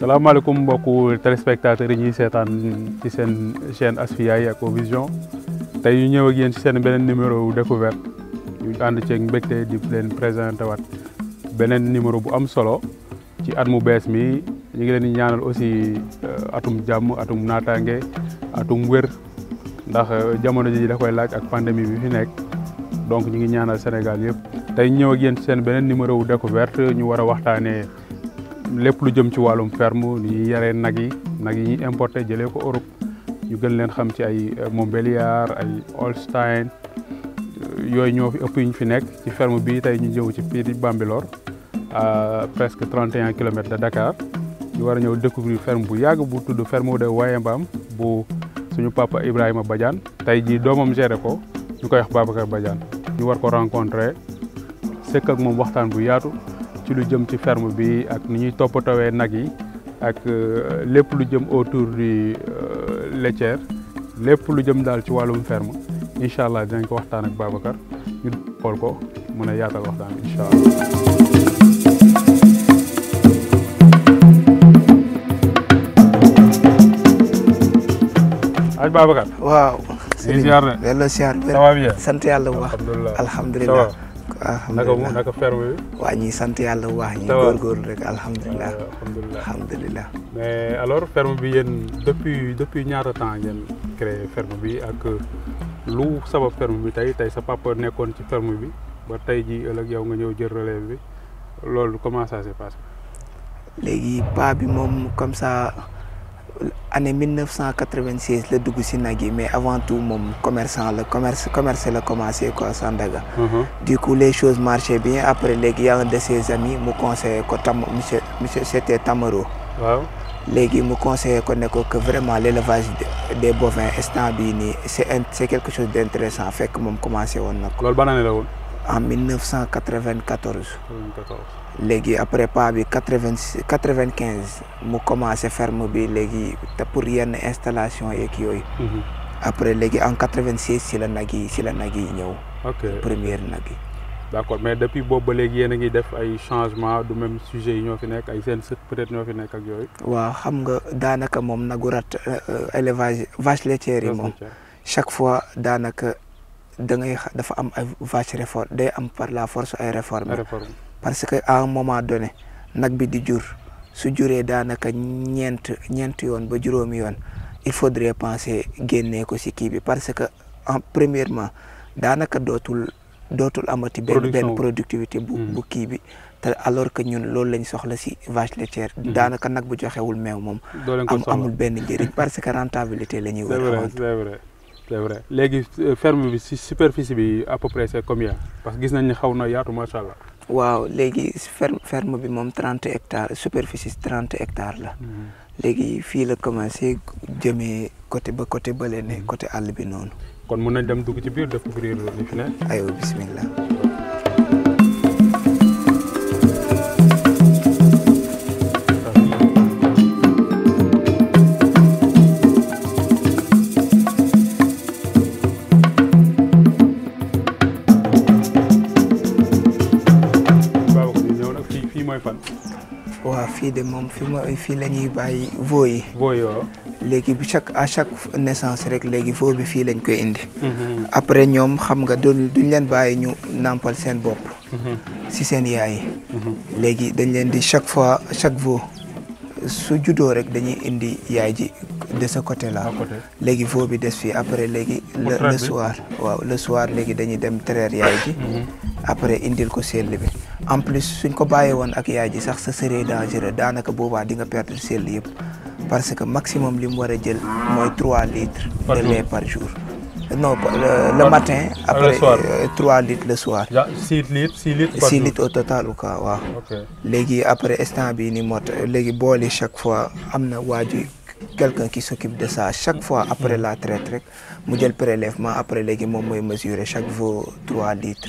salaamaaleykum mbokku téléspectateurs yi ñuy setan ci sen chaîne ya ko vision, tay ñu ñëw ak yeen ci sen benen numéro découverte ñu ci ak mbégte di leen présenté wat benen numéro bu am solo ci at mu bes mi ñu ngi leen ñaanal aussi atum jamu atum natangé atum wër ndax eh, jamono ji da koy laaj ak pandémie bi fi nek donc ñu ngi ñaanal Sénégal yépp tay ñëw ak yeen ci sen benen numéro découverte ñu wara waxtané lepp lu jëm ci walum ferme ni yare yaree nag yi nag yi ñuy importé jëlé ko Europe ñu gën leen xam ci ay euh, Montbéliard ay Holstein euh, yoy ñoo fi ëpp ñu fi nekk ci ferme bi tay ñu jëw ci piir Bambilor à presque 31 km de Dakar ñu wara ñëw découvrir ferme bu yag bu tuddu ferme de wayembam bu suñu papa Ibrahima badian tay ji domam géré ko ñukoy wax Babacar badian ñu war ko rencontrer sekk ak mom waxtaan bu yaatu lu jëm ci ferm bi ak ni ñuy toppatawee nag yi ak euh, lépp lu jëm autour du euh, laitière lépp lu jëm daal ci wàllum ferm incha allah dinañ ko waxtaan ak Babacar ñu xool ko mën a yaatal waxtaan incha allah. alhamdulilah naka ferme bi. waa ñuy sant yàlla bu baax. ñu góorgóorlu rek alhamdulilah. alhamdulilah mais alors ferme bi yéen depuis depuis ñaata temps ngeen créé ferme bi ak lu sabab ferme bi tey tey sa papa nekkoon ci ferme bi ba tey ji ëllëg yow nga ñëw jël relève bi loolu comment ça s'est léegi pa bi moom comme ça. En 1996 le dougou Sinagi, mais avant tout mon commerçant le commerce commerce a commencé à Sandaga. Mhm. du coup les choses marchaient bien après les un de ses amis me conseillé monsieur c'était Tamaro. waaw me conseillé que vraiment l'élevage des bovins est c'est quelque chose d'intéressant que que en 1994 après pas bi commencé ferme pour yenn installation mhm. après en 96 ci la la première nagui mais depuis ngi def changement du même sujet Il fi ay peut être euh, euh, vache laitière chaque fois on da ngay dafa la force réformes. parce que à un moment donné nak bi di jour su juré danaka ñent ñent yoon ba juroom yoon il faudrait penser génné ko ci ki bi parce que en premièrement danaka dotul dotul amati ben ben productivité bu mm. bu ki bi alors que ñun loolu lañ soxla ci vache laitière mm-hmm. danaka nak bu joxewul mew mom am amul ben njëriñ parce que rentabilité lañuy wër c'est vrai c'est vrai c'est légui euh, ferme bi ci superficie bi à peu près c'est combien parce que gis nañ ni xawna yaatu machallah waaw léegi ferme ferme bi moom trente hectares superficie trente hectares la. Mhm. léegi fii la commencé jëmee côté ba côté bële ne mhm. côté àll bi noonu. kon mun nañ dem dugg ci biir découvrir li fi ne. aywa bismillah. fii de moom fi ma fii la ñuy bàyyi veau yi. veau chaque à chaque naissance rek léegi veau bi fii lañ koy indi. Mhm. après ñoom xam nga duñ duñ leen bàyyi ñu nàmpal seen bopp. Mhm. si seen yaay yi. Mhm. léegi dañ leen di chaque fois chaque veau su juddoo rek dañuy indi yaay ji de ce côté là. léegi veau bi des fii après léegi. le soir waaw le soir léegi dañuy dem traire yaay ji. après indi ko seen bi en plus si on serait dangereux parce que maximum li 3 3 litres de lait par jour non euh, le matin après 3 euh, litres le soir 6 litres litres au total après chaque fois quelqu'un qui s'occupe de ça chaque fois après la traite rek prélèvement après les mesurer chaque fois 3 litres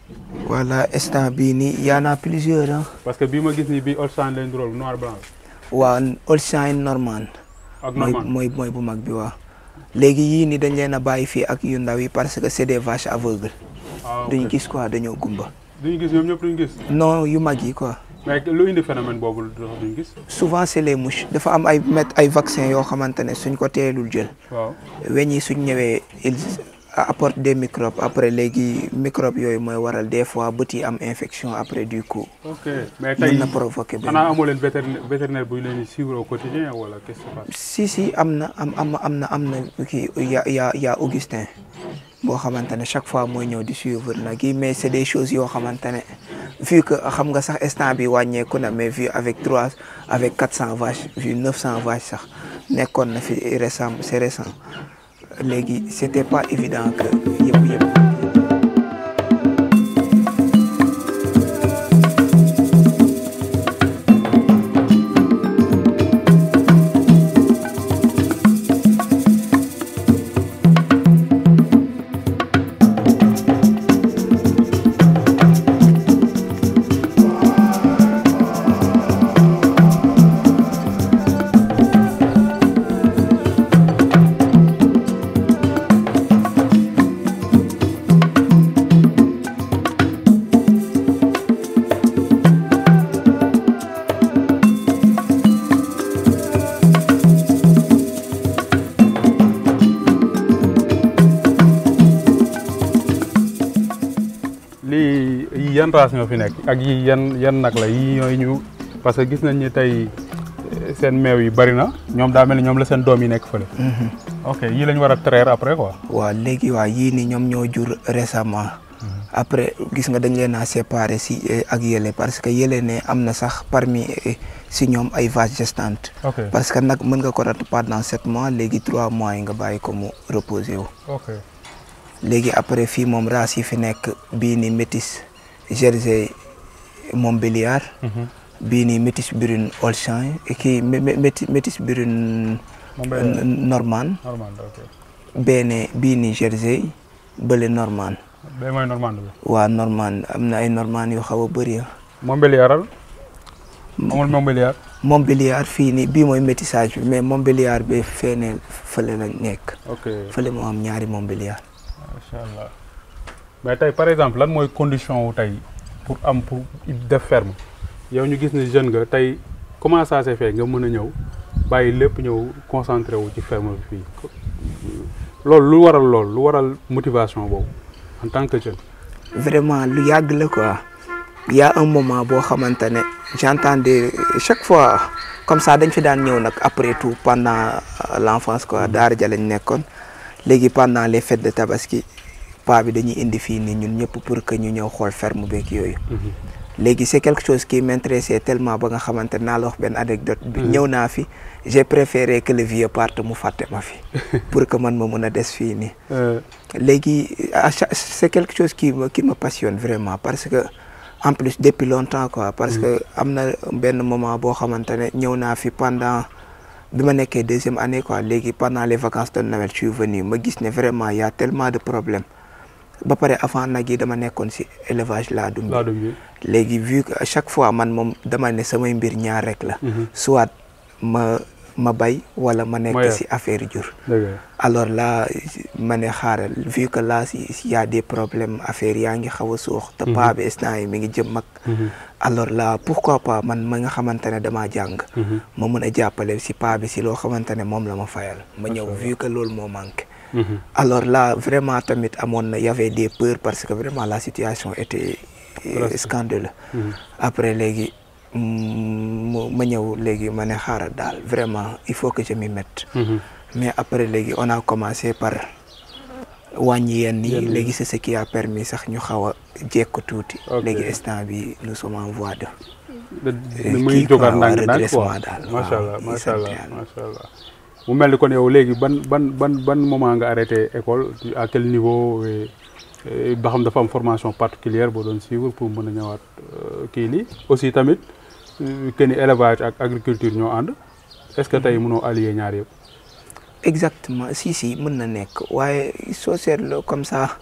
voilà instant bii nii y en a plusieurs ah. parce que bii ma gis bii Holstein lañ dugal noir blanc. waaw Holstein normand. ak mooy mooy bu mag bi waaw. léegi yii nii dañ leen a bàyyi fii ak yu ndaw yi parce que c'est des vaches aveugles. Ah, duñu gis quoi dañoo gumba. no yu mag yi quoi. mais lu indi phénomène boobu souvent c'est les mouches dafa am ay met ay vaccin yoo xamante ne suñ ko teelul jël. waaw weñ suñ ñëwee apporte des microbes après léegi microbes, yooyu mooy waral des fois bët am infection après du coup. ok mais tey mën na provoquer. xanaa amoo leen vétérinaire vétérinaire bu ici suivre au quotidien wala qu'est-ce qui se passe. si si am na am amna, na y a, kii ya ya ya Augustin boo xamante ne chaque fois moi ñëw di suivre nag yi mais c'est des choses yoo xamante vu que xam nga sax instant bi wàññeeku na mais vu avec trois avec quatre cents vaches vu neuf cents vaches sax nekkoon na fi récent c'est récent c'était pas évident que yan race ñoo fi nekk ak yi yan yan la yi ñooy ñu parce que gis nañ ni tey eh, seen meew yi bari na ñoom daa mel ni ñoom la seen doom yi nekk fële. Mhm. ok yii lañ war a traire après quoi. waaw léegi waa yii ni ñoom ñoo jur récemment. Mhm. après gis nga dañ leen a séparer si eh, ak yële parce que yële ne am na sax parmi eh, si ñoom ay vaches gestantes. parce que nag mën nga ko rat pendant sept mois léegi trois mois yi nga bàyyi ko mu reposer léegi après fii moom race yi fi nekk bii ni métis. jersey Montbéliard mhm. bii nii métis brune Holstein kii métis brune normande beene bii nii jersey bële normande bee mooy am na ay normande yu xaw a bëri Montbéliard fii nii bii mooy métissage bi mais Montbéliard bi fee ne fële la nekk fële moo am ñaari Montbéliard mais tay, par exemple lan moy condition ou tey pour am pour de ferme yow ñu gis ni jeune nga tay comment ça s'est fait nga mëna a ñëw bàyyi lépp ñëw concentré wu ci ferme fi lool lu waral lool lu waral motivation boobu en tant que jeune. vraiment lu yag la quoi y a un moment bo xamante ne j'entendais chaque fois comme ça dañ fi daan ñëw nak après tout pendant euh, l'enfance quoi daara ja lañ nekkoon légui pendant les fêtes de tabaski pas bi dañuy indi pour que ñu ñëw ferme beeg c'est quelque chose qui m'intéressait tellement ba nga xamante naa anecdote bi mhm. j'ai préféré que le vieux parte mu faté ma fi pour que man ma mën euh. c'est quelque chose qui me qui me passionne vraiment parce que en plus depuis longtemps quoi parce que mhm. amna ben moment à xamante ñëw fi pendant bima ma deuxième année quoi pendant les vacances de Noël je suis venu me gis ne vraiment y a tellement de problèmes ba pare avant nag yi dama nekkoon si élevage laa bi léegi vu chaque fois man moom dama ne samay mbir ñaar rek la mhm. soit ma ma bay wala ma nekk si affaire jur alors laa ma ne xaaral vu laa si y a des problèmes affaire yaa ngi xaw a suux te mhm. paa bi yi mi ngi jëm mag mhm. alors là pourquoi pas man ma nga xamante ne damaa jàng ma mën a jàppale si paa bi si loo xamante ne moom la ma fayal ma ñëw vu loolu moo manqué Mm-hmm. alors la vraiment tamit amoon na y avait des peurs parce que vraiment la situation était scandaleuse mm-hmm. après léegi mm, ma ñëw léegi ma ne xaaral daal vraiment il faut que je m'y mette mm-hmm. mais après léegi on a commencé par wàññi yenn yi léegi c'est ce qui a permis sax ñu xaw a jekk tuuti léegi instant bi nous sommes en voie de euh, kii quoi redressement daal macha allah macha allah Ou mel ni kon yow léegi ban ban ban ban moment nga arrêté école à quel niveau ba xam dafa am formation particulière boo doon suivre pour mën a ñëwaat euh, kii lii aussi tamit euh, que ni élevage ak agriculture ñoo ànd est-ce que tey mënoo allier ñaar yëpp. exactement si si mën na nekk waaye soo seetloo comme ça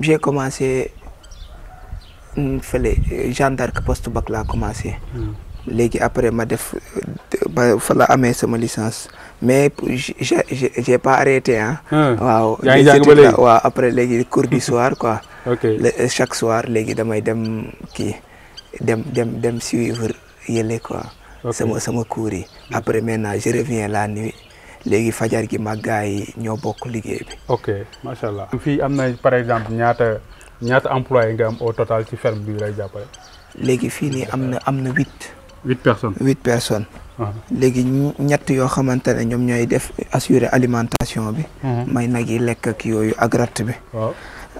j'ai commencé euh, fële Jeanne d'Arc post bac laa commencé. Hmm. léegi après ma def ba fa la amee sama licence mais j'ai j'ai pas arrêté ah. a waaw après léegi cours du soir quoi. ok chaque soir léegi damay dem kii dem dem dem suivre yële quoi. sama sama cours yi. après maintenant je reviens la nuit léegi fajar gi ma yi ñoo bokk liggéey bi. ok macha allah. fii am na par exemple ñaata ñaata employé nga am au total ci ferme bi lay léegi fii am na am huit personnes huit personnes. Ah. léegi ñett yoo xamante ne ñoom ñooy def assurer alimentation bi. Mm-hmm. may nag yi lekk yooyu ak ratt bi.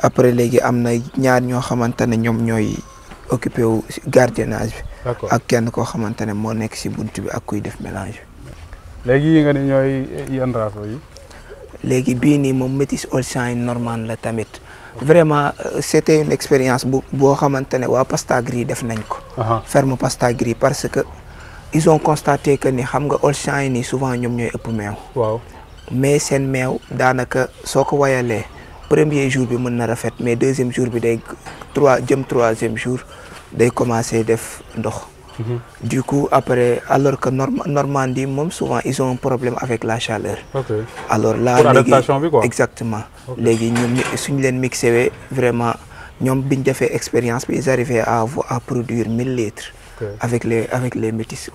après léegi am na ñaar ñoo xamante ne ñoom ñooy occupé wu gardiennage bi. ak kenn koo xamante ne moo nekk si bunt bi ak kuy def mélange bi. léegi yi eh, bii nii moom métis Holstein normand la tamit. vraiment euh, c'était une expérience bu boo wa pasta gris def nañ ko. ferme gris parce que ils ont constaté que ni xam nga Auchan yi souvent ñom ñoy ëpp meew. waaw mais sen meew danaka soko wayalé premier jour bi mën na rafet mais deuxième jour bi day trois jëm troisième jour day commencé def ndox. Mhm. du coup après alors que Norm Normandie même souvent ils ont un problème avec la chaleur. alors là pour quoi exactement. Les ñoom vraiment fait expérience ils arrivaient à à produire 1000 litres. avec les avec les métis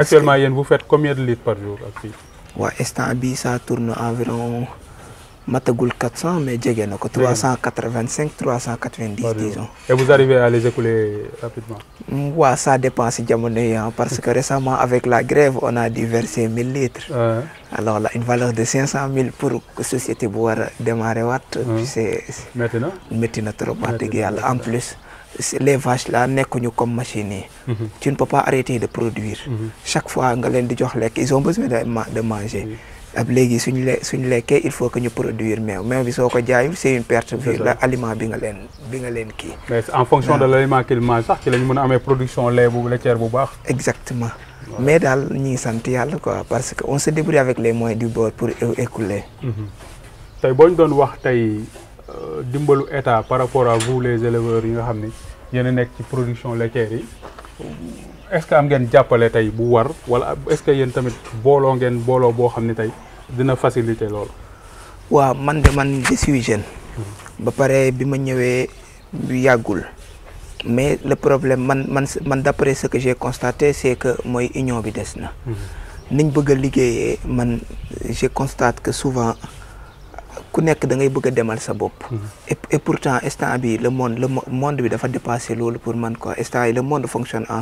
actuellement vous faites combien de litres par jour Oui, ça tourne environ matagul 400 mais jege 385 390 disons. et vous arrivez à les écouler rapidement. Mm, ça dépend si hein, parce que récemment avec la grève on a diversé 1000 litres. alors là une valeur de 500 000 pour société boire société Maintenant. démarrer puis c'est... trop en plus. les vaches là connu comme machine mhm. tu ne peux pas arrêter de produire. Mhm. chaque fois nga ils ont besoin de manger ab léegi suñ le suñ il faut que ñu produire mais mais bi soo ko jaayul c'est une perte de la aliment bi nga leen bi nga leen kii en fonction de l'aliment qu'il mange sax ci la ñu mën a amee production lait bu laitière bu baax exactement mais daal ñu ngi sant quoi parce que on se débrouille avec les moyens du bord pour écouler mhm. tey boo ñu doon wax tey euh, dimbalu état par rapport à vous les éleveurs yi nga xam ni yéen a nekk ci production laitière yi est-ce que am ngeen jàppale tey bu war wala est-ce que yéen tamit booloo ngeen booloo boo xam ni tey dina faciliter loolu. wa man de man je suis jeune. ba pare bima ma ñëwee yàggul. mais le problème man man man d' ce que j'ai constaté c'est que moy union bi des na. Mhm. niñ bëgg a man je constate que souvent ku nekk da ngay bëgg mal sa bopp. Mhm. et pourtant instant bi le monde le monde bi faire dépasser l'eau pour man quoi instant le monde fonctionne en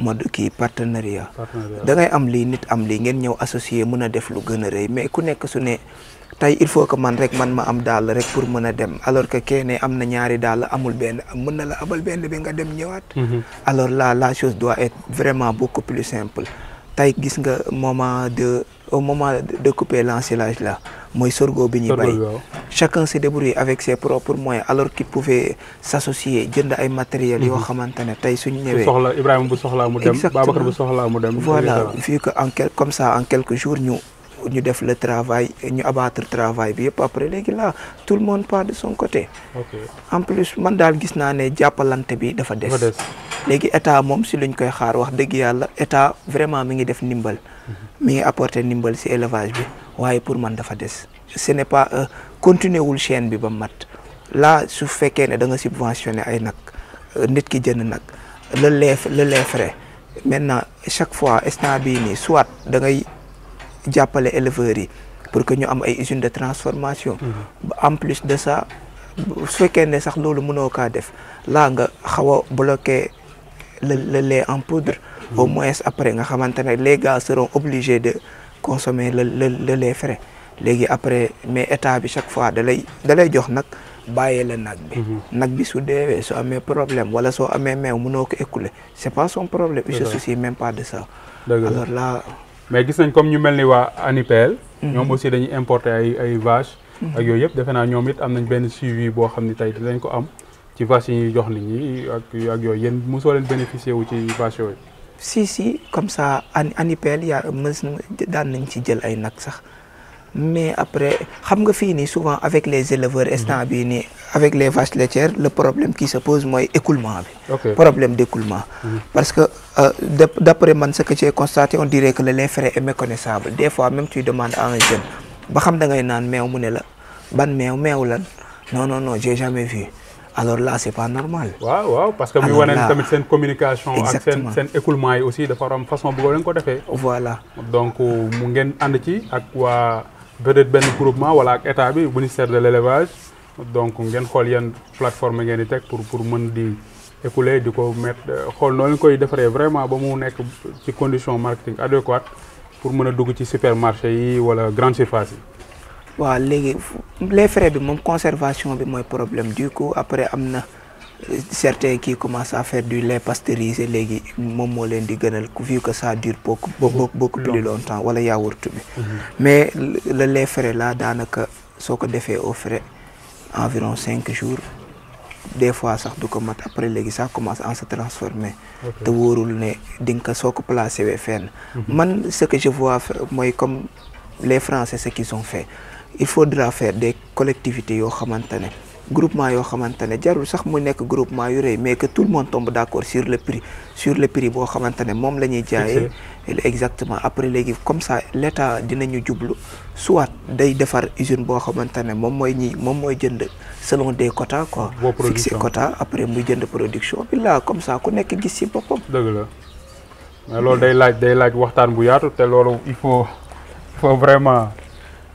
mode qui partenariat. da ngay am lii nit am lii ngeen ñëw associé mën def lu mais ku nekk su ne tay il faut que man rek man ma am dal rek pour mën dem alors que kenn am na ñaari dal amul ben mën la abal ben bi nga dem ñëwaat. Mhm. alors là la chose doit être vraiment beaucoup plus simple tay gis nga moment de au moment de couper l'ensilage là mooy sorgho bi ñuy bay chacun s'est débrouillé avec ses propres moyens alors qu'il pouvait s'associer jënd ay matériels yoo mhm. xamante ne tey suñu ñëwee soxla Ibrahima bu soxlaa mu dem Babacar bu soxlaa mu dem voilà vu que en quel comme ça en quelques jours ñu ñu def le travail ñu abattre travail bi yëpp après léegi là tout le monde part de son côté Ok. en plus man daal gis naa ne jàppalante bi dafa des léegi état moom si luñ koy xaar wax dëgg yàlla état vraiment mi ngi def ndimbal mais apporter ndimbal si élevage bi waaye pour man dafa des ce n'est pas euh, continuer wul chaîne bi ba mat là su fekkee ne da nga subventionné ay nag euh, nit ki jënd nag le lait le lait frais maintenant chaque fois instant bii nii soit da ngay jàppale éleveurs yi pour que ñu am ay usine de transformation mm-hmm. en plus de ça su fekkee ne sax loolu mënoo kaa def là nga xaw a bloqué le lait en poudre au moins après nga xamante les gars seront obligés de consommer le le le lait frais légui après mais état bi chaque fois dalay dalay jox nak bayé la nak bi mhm. nag bi su deewee soo amee problème wala so amé meew mënoo ko écouler c'est pas son problème il se soucie même pas de ça alors là mais gis nañ comme ñu melni wa anipel mhm. ñom aussi dañuy importer ay ay vaches mhm. ak yooyu yëpp defe naa ñoom it am nañ ben suivi bo xamni tay tey dinañ ko am ci vaches yi jox nit ñi ak ak yooyu yéen mosoo leen bénéficier wu ci vaches si si comme ça il y a daan nañ ci ay sax mais après xam nga souvent avec les éleveurs mhm. avec les vaches laitières le problème qui se pose moi écoulement problème d'écoulement mhm. parce que euh, d'après ce que j'ai constaté on dirait que le lait est méconnaissable des fois même tu demandes à un jeune ba xam da ngay naan mew mu ne ban non non non j'ai jamais vu alors là ce n'est pas normal. Oui, parce que nous avons une communication. ak écoulement aussi de façon à nous ko fait. voilà donc nous avons un groupe ak waa peut-être groupement ministère de l'élevage donc nous avons une plateforme pour pour pour mën di. mettre. mettre euh, koy vraiment ba mu ci marketing adéquates pour mën a dugg ci supermarché yi la grande surface waaw les frais de mon conservation bi mon problème du coup après amna euh, certains qui commencent à faire du lait pasteurisé le moom moo leen vu que ça dure beaucoup beaucoup beaucoup plus longtemps wala yaourt mhm. mais le lait frais là daanaka soo ko au frais environ cinq jours des fois ça du après ça commence à se transformer te wóorul ne di nga ko soo mhm. ce que je vois moi comme les Français ce qu'ils ont fait il faudra faire des collectivités yo xamante groupement yoo xamante jarul sax mu nek groupement yu reuy mais que tout le monde tombe d'accord sur le prix sur le prix bo xamante mom lañuy la exactement après légui comme ça l'État dinañu jublu soit day défar usine bo xamante mom moy ñi mom moy jënd selon des quotas quoi Fixer quotas. après muy jënd production Puis là comme ça ku nek gis ci boppam deug la mais loolu day laaj day laaj waxtaan bu yaatu té loolu il faut il faut vraiment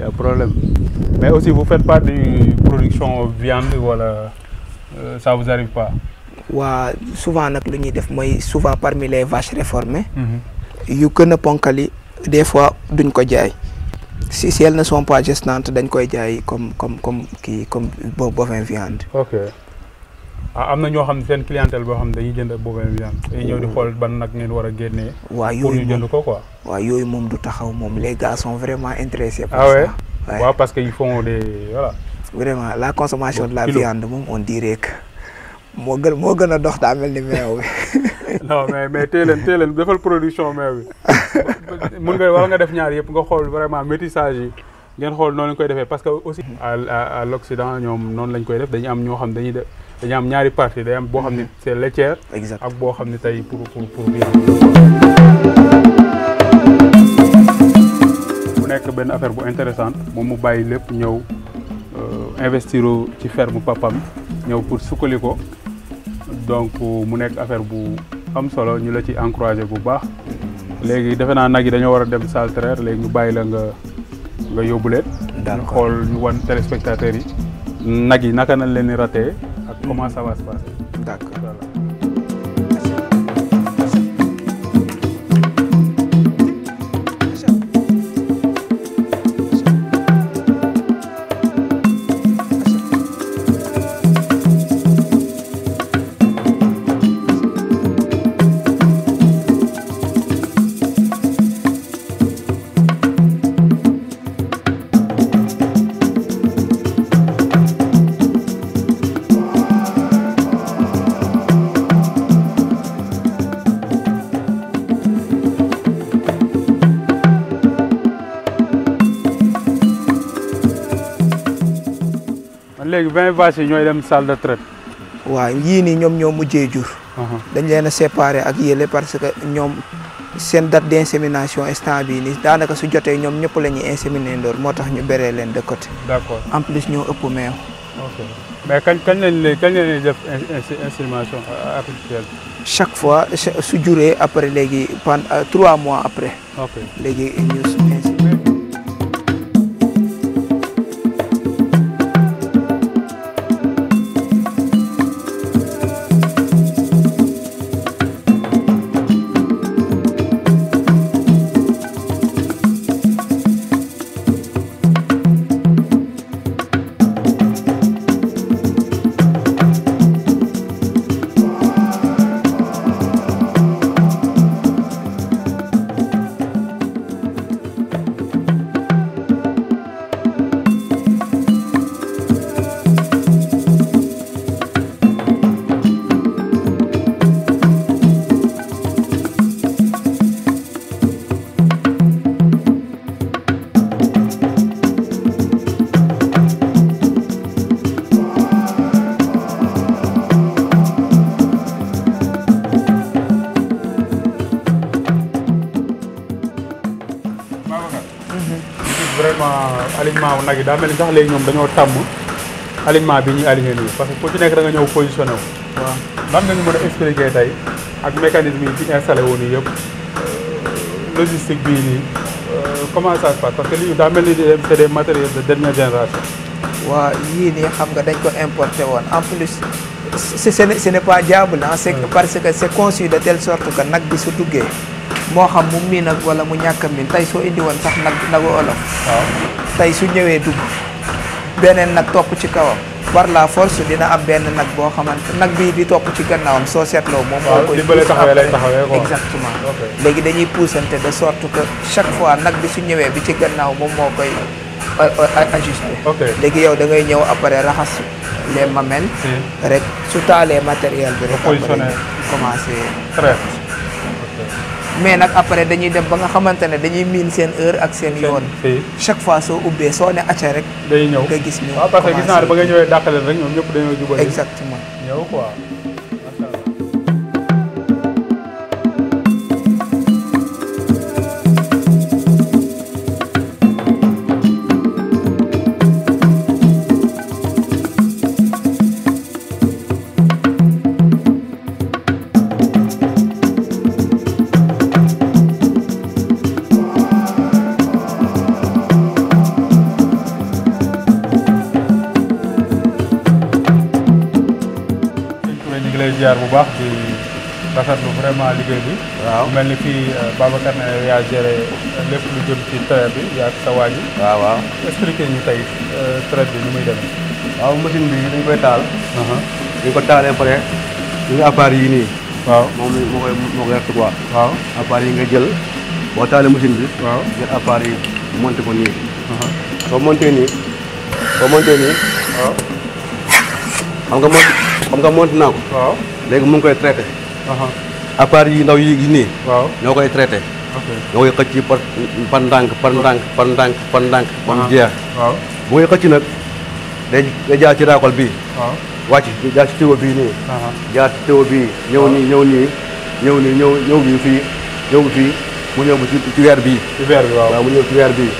y a problème. Mais aussi, vous faites pas de production de viande, voilà, euh, ça vous arrive pas souvent, souvent parmi les vaches réformées, il mhm. y a ponkali des fois d'une ko si si elles ne sont pas gestantes d'une koy comme comme comme comme bovin viande. Ah, Amna ñoo xam ne seen clientèle boo xam ne dañuy jënd bovin viande dañuy ñëw di oh. xool ban nag ngeen war a génnee. waaw yooyu pour ñu jënd ko quoi. waaw yooyu moom du taxaw moom les gars sont vraiment intéressés. par ah ça ah waaw parce que ils font des voilà. vraiment la consommation de la viande moom on dirait que moo gën moo gën a dox daa mel ni meew bi. non mais mais tey leen tey leen defal production meew bi mun nga war nga def ñaar yëpp nga xool vraiment métissage yi. ngeen xool noonu lañ koy defee parce que aussi. à à l'Occident ñoom noonu lañ koy def dañu am ñoo xam dañuy def. dañu am ñaari parti day am bo xamni mm-hmm. c'est laitière ak bo xamni tay tey pour pour pour viande mu nek ben affaire bu intéressante mom mu lepp ñew euh investir ci ferme papam ñew pour sukkali donc mu nek affaire bu am solo ñu la ci encourager bu baax mm-hmm. légui défé na nagui dañu wara dem salle traire légui ñu bayyi la nga nga yobulé leen ñu ñu wan téléspectateurs yi nagui naka nañ leen di acum mm. să vă spun. léegi vingt vaches yi ñooy dem salle de traite. waaw yii ñoom ñoo mujjee jur. dañ leen a séparer ak yële parce que ñoom seen date d' insémination instant bii nii daanaka su jotee ñoom ñëpp la ñuy inséminer ndoor moo tax ñu beree leen de côté. d' accord en plus ñoo ëpp meew. ok mais kañ kañ lañ lay kañ lañ def insémination euh, artificielle. chaque fois su après léegi euh, trois mois après. léegi ñu. nag da daa mel sax lay ñom dañoo tam alignement bi ñi aligné nii parce que ko ci nek da nga ñew positionné wu. lan nga ñu mëna expliquer tay ak mécanisme yi ci installé wu nii yëpp logistique bi ni euh, comment ça se passe parce que li da mel ni c'est des matériels de dernière génération. wa yi ni xam nga dañ ko importer won en plus ce ce n'est pas diable ah c'est parce que c'est conçu de telle sorte que nak bi su duggé mo xam mu min ak wala mu ñakam min tay so indi won sax nak nagu olof. tey su ñëwee dugg beneen nag topp ci kawam par la force dina am benn nag boo xamante nag bii bi topp ci gannaawam soo seetloo moom moo koy exactement léegi dañuy puusante de sorte que chaque fois nag bi su ñëwee bi ci gannaaw moom moo koy ajusté léegi yow da ngay ñëw après raxas les mamelles hmm. rek su taalee matériel bi rek après commencé mais nag après dañuy dem ba nga xamante ne dañuy miin seen heure ak seen yoon. chaque fois soo ubbee soo ne acca rek. day ñëw nga gis ñu. waaw ah, gis naa ne ba nga ñëwee dàqale rek ñoom ñëpp dañoo jubal. exactement vraiment liggéey bi. waaw melni fi Babacar na ya géré lepp lu jëm ci tay bi ya sa waa waaw waaw expliquer ñu tay traite bi ñu muy dem waaw machine bi dañ koy taal. ñu ko taalé paré ñu ngi yi ni waaw mom mo koy mo koy rafetlu quoi. waaw appareil yi nga jël bo taalé machine bi. waaw jël appareil yi monté ko ni nii. so monté ni so monté ni waaw xam nga mo xam nga monté naa ko. waaw légui mu ngi koy traité. à part yi ndaw yi nii. waaw ñoo koy traité. ñoo koy xëcc par par ndànk par ndànk par ndànk par ndànk. ba mu ah. jeex. waaw bu ngay xëcc nag day day jaar ci raakol bii. waaw wàcc jaar ci teewa bii nii. jaar ci teewa bii ñëw nii ñëw nii ñëw nii ñëw ñëw bii fii ñëw fii. mu ñëw ba ci ci weer bii. bi waaw waaw mu ñëw ci weer bii.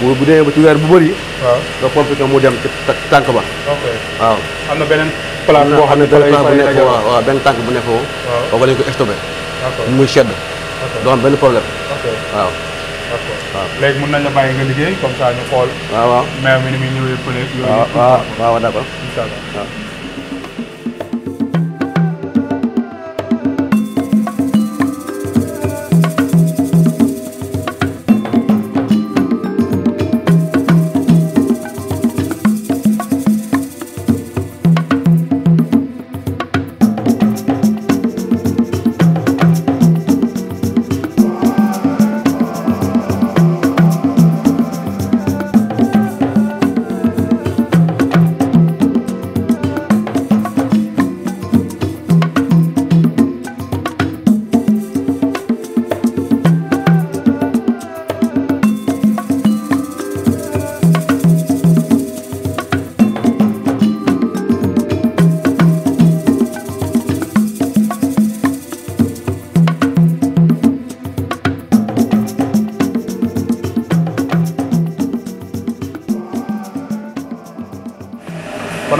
bu bu demee ba ci weer bu bëri. waaw nga pompe ko mu dem ci tànk ba. ok waaw. am na beneen place boo xam ne benn plan bu nekk waaw waaw benn tànk bu nekk foofu. waaw kooku lañ ko stoppé. d'accord muy sedd. ok doo am benn problème. ok waaw. d'accord waaw léegi mën nañ la liggéey comme ça ñu xool. waaw waaw mi ni muy ñëwee waaw waaw waaw waaw.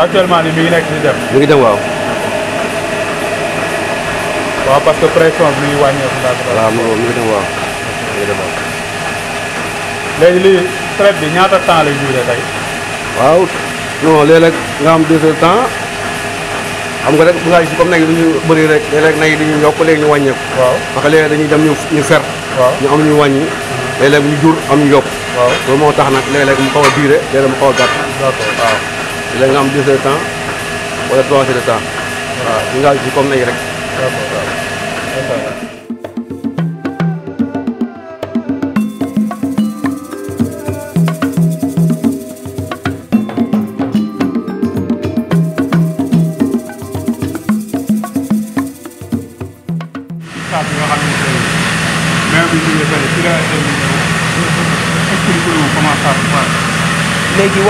actuellement ni mi ngi nekk di dem. mi ngi dem waaw. waaw parce que pression bi mi ngi wàññeeku ndax. waaw mi ngi dem waaw léegi lii traite bi ñaata temps lay durer tey. waaw non léeg-léeg nga am deux temps xam nga rek bu nga gis comme nag yi dañuy bëri rek léeg-léeg nag yi dañuy yokk léegi ñu wàññeeku. waaw parce que dañuy dem ñu ñu fer. waaw ñu am ñu wàññi. Mm-hmm. léeg ñu jur am ñu yokk. waaw loolu moo tax nag léeg mu xaw a durer léeg mu xaw a gàtt. léegi nga am 2 heures de temps wala 3 heures de temps waaw ñu ngi àgg si comme nay rek.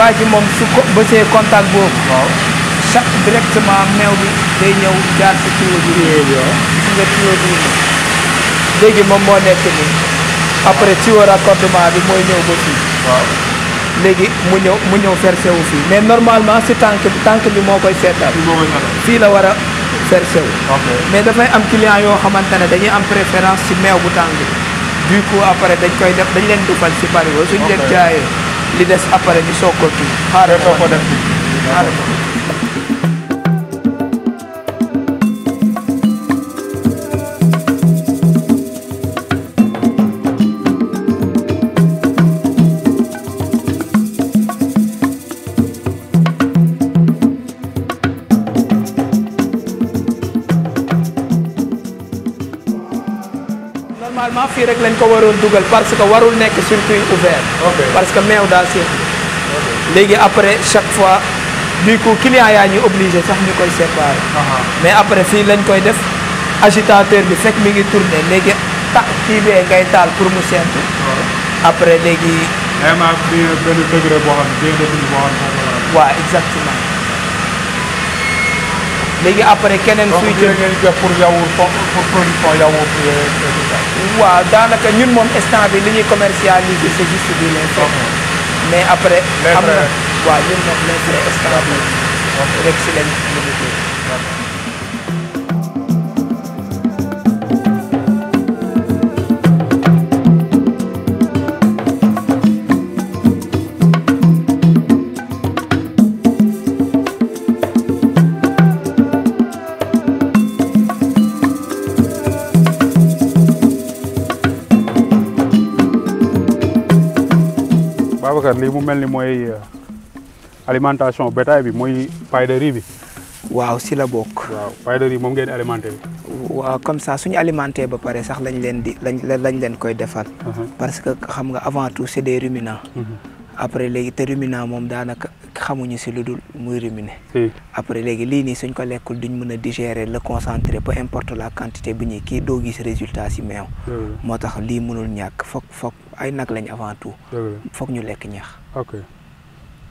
waa ji moom su ko bësee contact boobu. waaw chaque directement meew bi day ñëw jaar ci tuyau bi. gis nga tuyau bi léegi moom moo nekk nii après tuyau raccordement bi mooy ñëw ba fii. léegi mu ñëw mu ñëw versé wu fii mais normalement si tànk bi tànk bi moo koy seetal. fii la war a versé wu. mais dafay am client yoo xamante ne dañuy am préférence ci meew bu tàng bi. du coup après dañ koy def dañ leen dufal si bari suñ leen jaayee. li des après ñu soog ko kii. xaaral ko def xaaral normalement fii rek lañ ko waroon dugal parce que warul nekk circuit ouvert parce que meew daa seet léegi après chaque fois du coup client yaa ñu obligé sax ñu koy séparer mais après fii lañ koy def agitateur bi fekk mi ngi tourné léegi tax kii bee ngay taal pour mu sentu après léegi. vraiment benn degré degré boo xam ne waaw exactement léegi après keneen. suy jël donc pour yaourt pour production yaourt waaw daanaka ñun moom instant bi li ñuy commercialiser c'est juste bi les frais mais après. am na waaw ñun moom les frais instant bi rek si lañ limité. mu euh, alimentation bétail bi de waaw la bokk. de ngeen waaw comme ça suñu alimenté ba pare sax lañ leen di lañ koy uh-huh. parce que avant tout c'est des ruminants. Uh-huh. après les te ruminant moom daanaka dul après léegi lii nii suñ ko duñ le concentré peu importe la quantité qui ñuy kii doo résultat si meew. Hmm. moo tax mënul ñàkk fok fok ay nag lañu avant tout. foog ñu lekk ñax. ok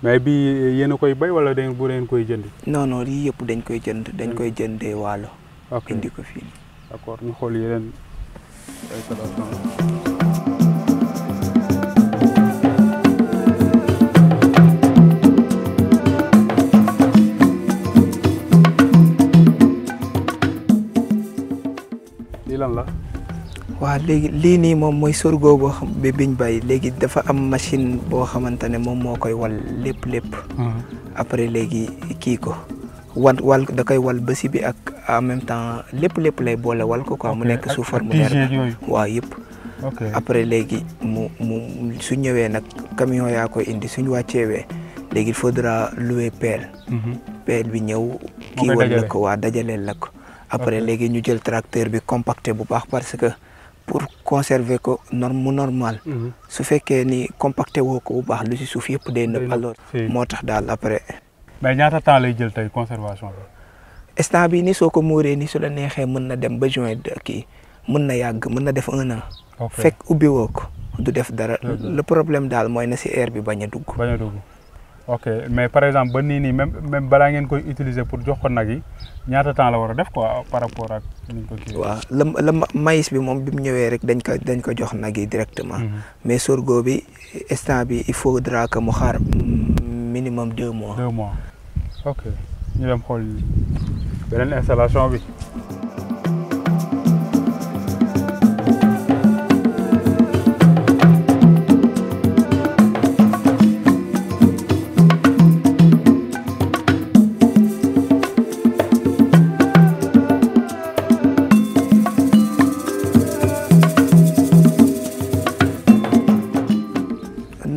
mais bi eh, yéen koy bay wala da bu leen koy jënd. non non lii yëpp dañ koy jënd dañ koy jëndee waalo. ok indi ko fii. d'accord ñu xool yeneen. lii lan la. waaw léegi lii nii moom mooy sorgho boo xam bi ñu bàyyi léegi dafa am machine boo xamante ne moom moo koy wal lépp lépp. Hmm. après léegi kii ko wal wal da koy wal bési bi ak en même temps lépp lépp lay boole wal ko quoi mu nekk sous forme leer waaw après léegi mu mu su ñëwee nag camion yaa koy indi suñ wàcceewee léegi il faudra louer pelle. Hmm. bi ñëw. kii wal la ko waa dajaleel la ko. après léegi ñu jël tracteur bi compacté bu baax parce que. pour conserver ko norme normal mhm. su fekkee ni compacté woo ko bu baax lu si suuf yëpp day nëb alors moo tax daal après mais ñaata temps lay jël tey conservation bi instant bi ni soko mouré ni su la nexé mën na dem ba de ki mën na yag mën na def un an fekk ubbi woo du def dara le problème dal moy na ci air bi baña bañ baña dugg ok mais par exemple ba nii nii même même balaa ngeen koy utiliser pour jox ko nag yi ñaata temps la war a def quoi par rapport ak ñu ko kii. waaw la la maïs bi moom bi mu ñëwee rek dañ ko dañ ko jox nag yi directement. Mhm. mais sorgho bi instant bi il faudra que mu xaar minimum deux mois. deux mois ok ñu dem xool beneen installation bi.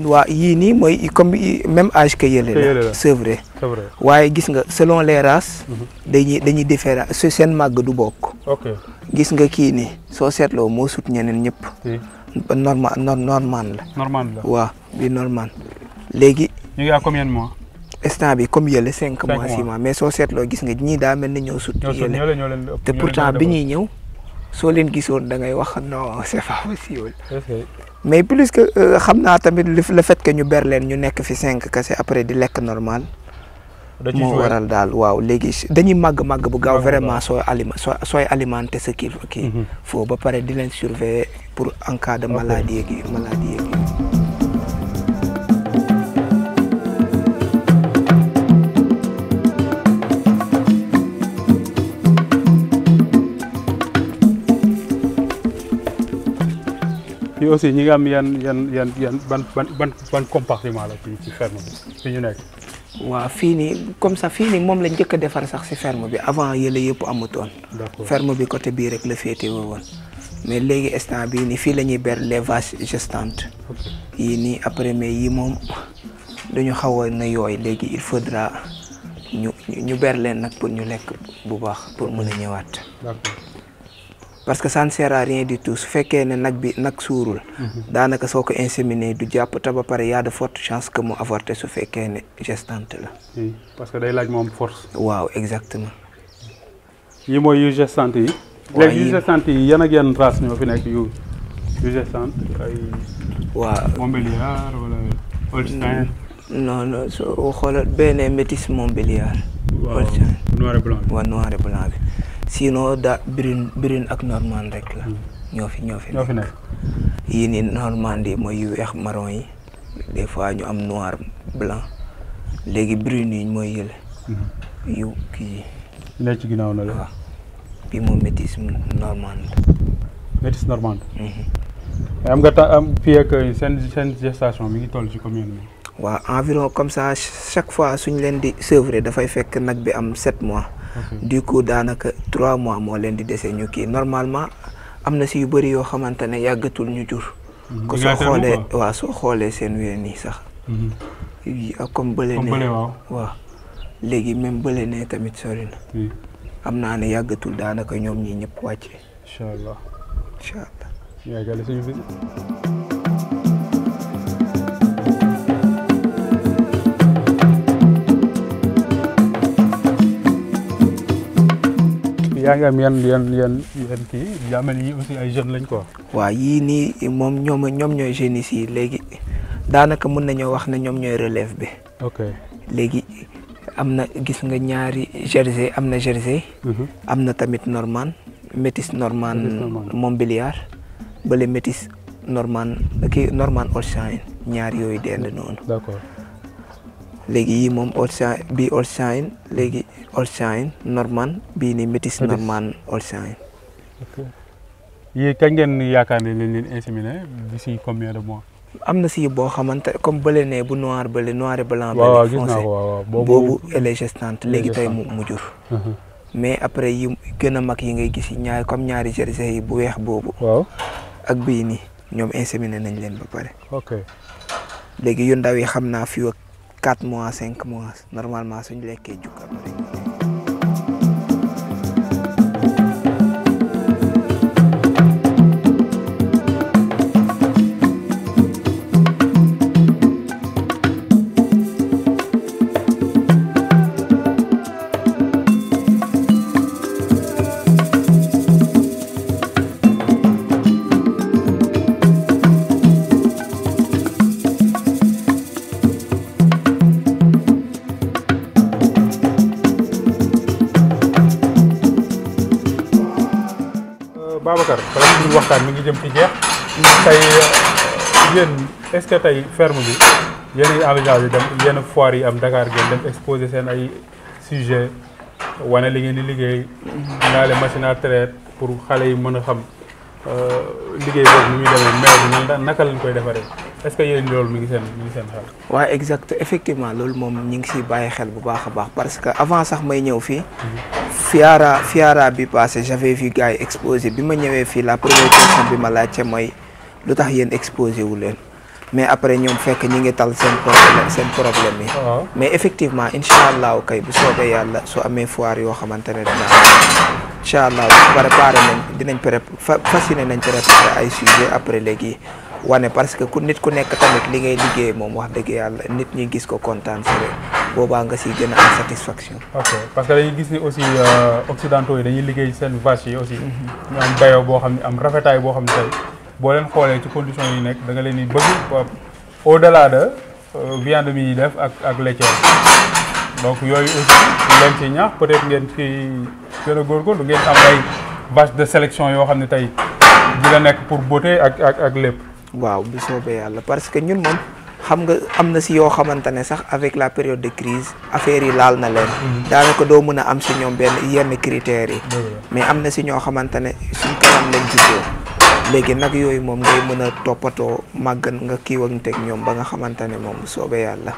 waa yii nii mooy comme même âge que yële la c'est vrai waaye gis nga selon les races mhm. dañuy dañuy différent su seen màgg du bokk gis nga kii nii soo seetloo moo sut ñeneen ñëpp normal normal la normal la waaw bi normal léegi ñu ngi à combien bi comme yële cinq mois six mois mais soo seetloo gis nga ñii daa mel ni ñoo sut yële te pourtant bi ñuy ñëw soo leen gisoon da ngay wax non c'est pas mais plus que euh, xam naa tamit le fait que ñu ber leen ñu nekk fi cinq kese après di lekk normal. moo waral daal waaw léegi dañuy màgg màgg bu gaaw vraiment sooy alima sooy alimenté sa kii kii. Mhm. foo ba pare di leen surveiller pour en cas de maladie maladie fii aussi ñi nga am yan yan yan ban ban ban compartiment la ci ferme bi fi ñu nekk. waaw fii comme ça fini, mom moom la njëkk a sax ci ferme bi avant yële yëpp amutoon. ferme bi côté bi rek la fété woon mais légui instant bi ni fi lañuy ber les vaches gestantes. yii nii après mais yi mom dañu xawone yoy légui il faudra ñu ñu ber leen nak pour ñu lek bu baax pour mëna ñëwaat d'accord parce que ça ne sert à rien du tout su fekkee ne nag bi nag suurul. Mhm. daanaka soo ko inséminer du jàpp te ba pare y a de fortes chances que mu avorter su fekkee ne gestante là. parce que day laaj moom force. waaw exactement. yi mooy yu gestante yi. waaw léegi yu gestante yi yan ak yan race ñoo fi nekk yu yu gestante ay. waaw Montbéliard wala Holstein. Mm, non non soo xoolal benn métis Montbéliard. waaw noir et blanc bi Holstein waaw noir et blanc sino da birin birin ak normand rek la hmm. ñoo fi ñoo fi nekk yii ni normandie mooy yu wex marron yi des fois ñu am noir blanc léegi brune yi moy yele hmm. yu ki ne ci ginaaw na la waaw bi moom métis normand metis normand mhm. am nga am fii ak euh, sen sen gestation mi ngi toll ci commune mi wa environ comme ça chaque fois suñ len di sevrer fay fek nak bi am 7 mois du coup daanaka trois mois moo leen di dese ñu kii normalement am na si yu bëri yoo xamante ne yàggatul ñu jur. Mhm. ko soo xoolee waaw soo xoolee seen wéer nii sax. Mhm. ak comme bële ne waaw léegi même bële ne tamit sori am naa ne yàggatul daanaka ñoom ñi ñëpp wàcce. incha yaa ngi am yan yan yan yan kii yaa mel ni aussi ay jeunes lañ quoi. waaw yii nii moom ñoom ñoom ñooy jeunes yi léegi daanaka mun nañoo wax ne ñoom ñooy relève bi. ok léegi am gis nga ñaari jersey amna jersey. Mhm. amna na tamit normand métis normand montbéliard bële métis normand kii normand holstein ñaar yooyu dend noonu. d'accord. léegi yii moom Holstein bii Holstein léegi Holstein Normand bii nii métis Normand Holstein. yii kañ ngeen yaakaar ne leen leen inséminé d'ici combien de mois. am na si boo xamante comme bële ne bu noir bële noire et blanc. waaw gis naa ko waaw boobu elle léegi tey mu jur. Uh-huh. mais après yi gën a mag yi ngay gis ñaari comme ñaari jersey yi bu weex boobu. ak bii nii ñoom inséminé nañ leen ba pare. léegi yu ndaw yi xam naa fii quatre mois cinq mois normalement suñ lekkee juk après waxtaan mi ngi jëm ci jeex tey yéen est tey ferme bi yéen a envisage yi dem yenn foire yi am dakaar ngeen dem exposé seen ay sujet wane li ngeen di liggéey ndaale machine à pour xale yi mën a xam euh, liggéey boobu ni muy demee mais bi nan naka lañ koy defaree est-ce que yéen ngi seen mi ngi seen waaw exact effectivement loolu moom ñi ngi siy bàyyi xel bu baax a baax parce que avant sax may ñëw fii. Mhm. Fiara Fiara bi passé j'avais vu gars yi exposé bi ma ñëwee fii la première question bi ma laajte mooy lu tax yéen exposé wu leen mais après ñoom fekk ñi ngi tal seen problème seen problème yi. Ah. mais effectivement incha allahu kay bu soobee yàlla su amee foire yoo xamante ne dina incha allah préparé nañ dinañ pré fas yéene nañ préparé ay sujet après léegi. wane parce que ku nit ku nekk tamit li ngay liggéey moom wax dëgg yàlla nit ñi gis ko kontaan si rek boobaa nga si gën a am satisfaction. ok parce que dañuy gis ni aussi occidentaux yi dañuy liggéey seen vache yi aussi. ñu am dayoo boo xam ne am rafetaay boo xam ne tey boo leen xoolee ci condition yi nekk da nga leen di bëgg au delà de viande mi ñuy def ak ak laitière donc yooyu aussi leen ci ñaax peut être ngeen ci gën a góorgóorlu ngeen am ay vache de sélection yoo xam ne tey dina nekk pour beauté ak ak ak lépp. waaw bu soobee yàlla parce que ñun moom xam nga am na si yoo xamante ne sax avec la période de crise affaires yi laal na leen. Mhm. daanaka doo mën a am si ñoom benn yenn critères yi. mais am na si ñoo xamante ne suñ kanam lañ juddoo. léegi nag yooyu moom ngay mën a toppatoo màgg nga kiiwanteeg ñoom ba nga xamante ne moom bu soobee yàlla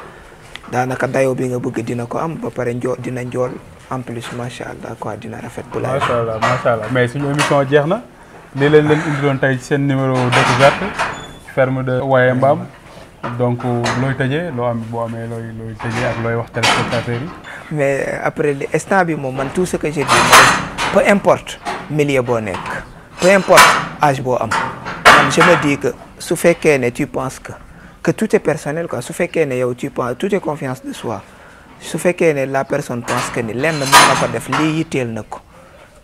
daanaka dayoo bi nga bëgg dina ko am ba pare njool dina njool en plus macha allah quoi dina rafet. bu laay macha allah macha allah mais suñu émission jeex na. lii lañ leen indiloon tey seen numéro découverte ferme de Waye donc looy tëjee loo am boo amee looy looy tëjee ak looy wax mais après instant bi moom man tout ce que j'ai dit peu importe milieu boo nekk peu importe âge boo am man je me dis que su fekkee ne tu penses que que tout est personnel quoi su fekkee ne yow tu penses tout est confiance de soi su fekkee ne la personne pense que ni lenn mën na ko def lii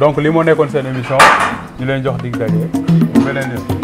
donc les monnaies nekkoon émission jox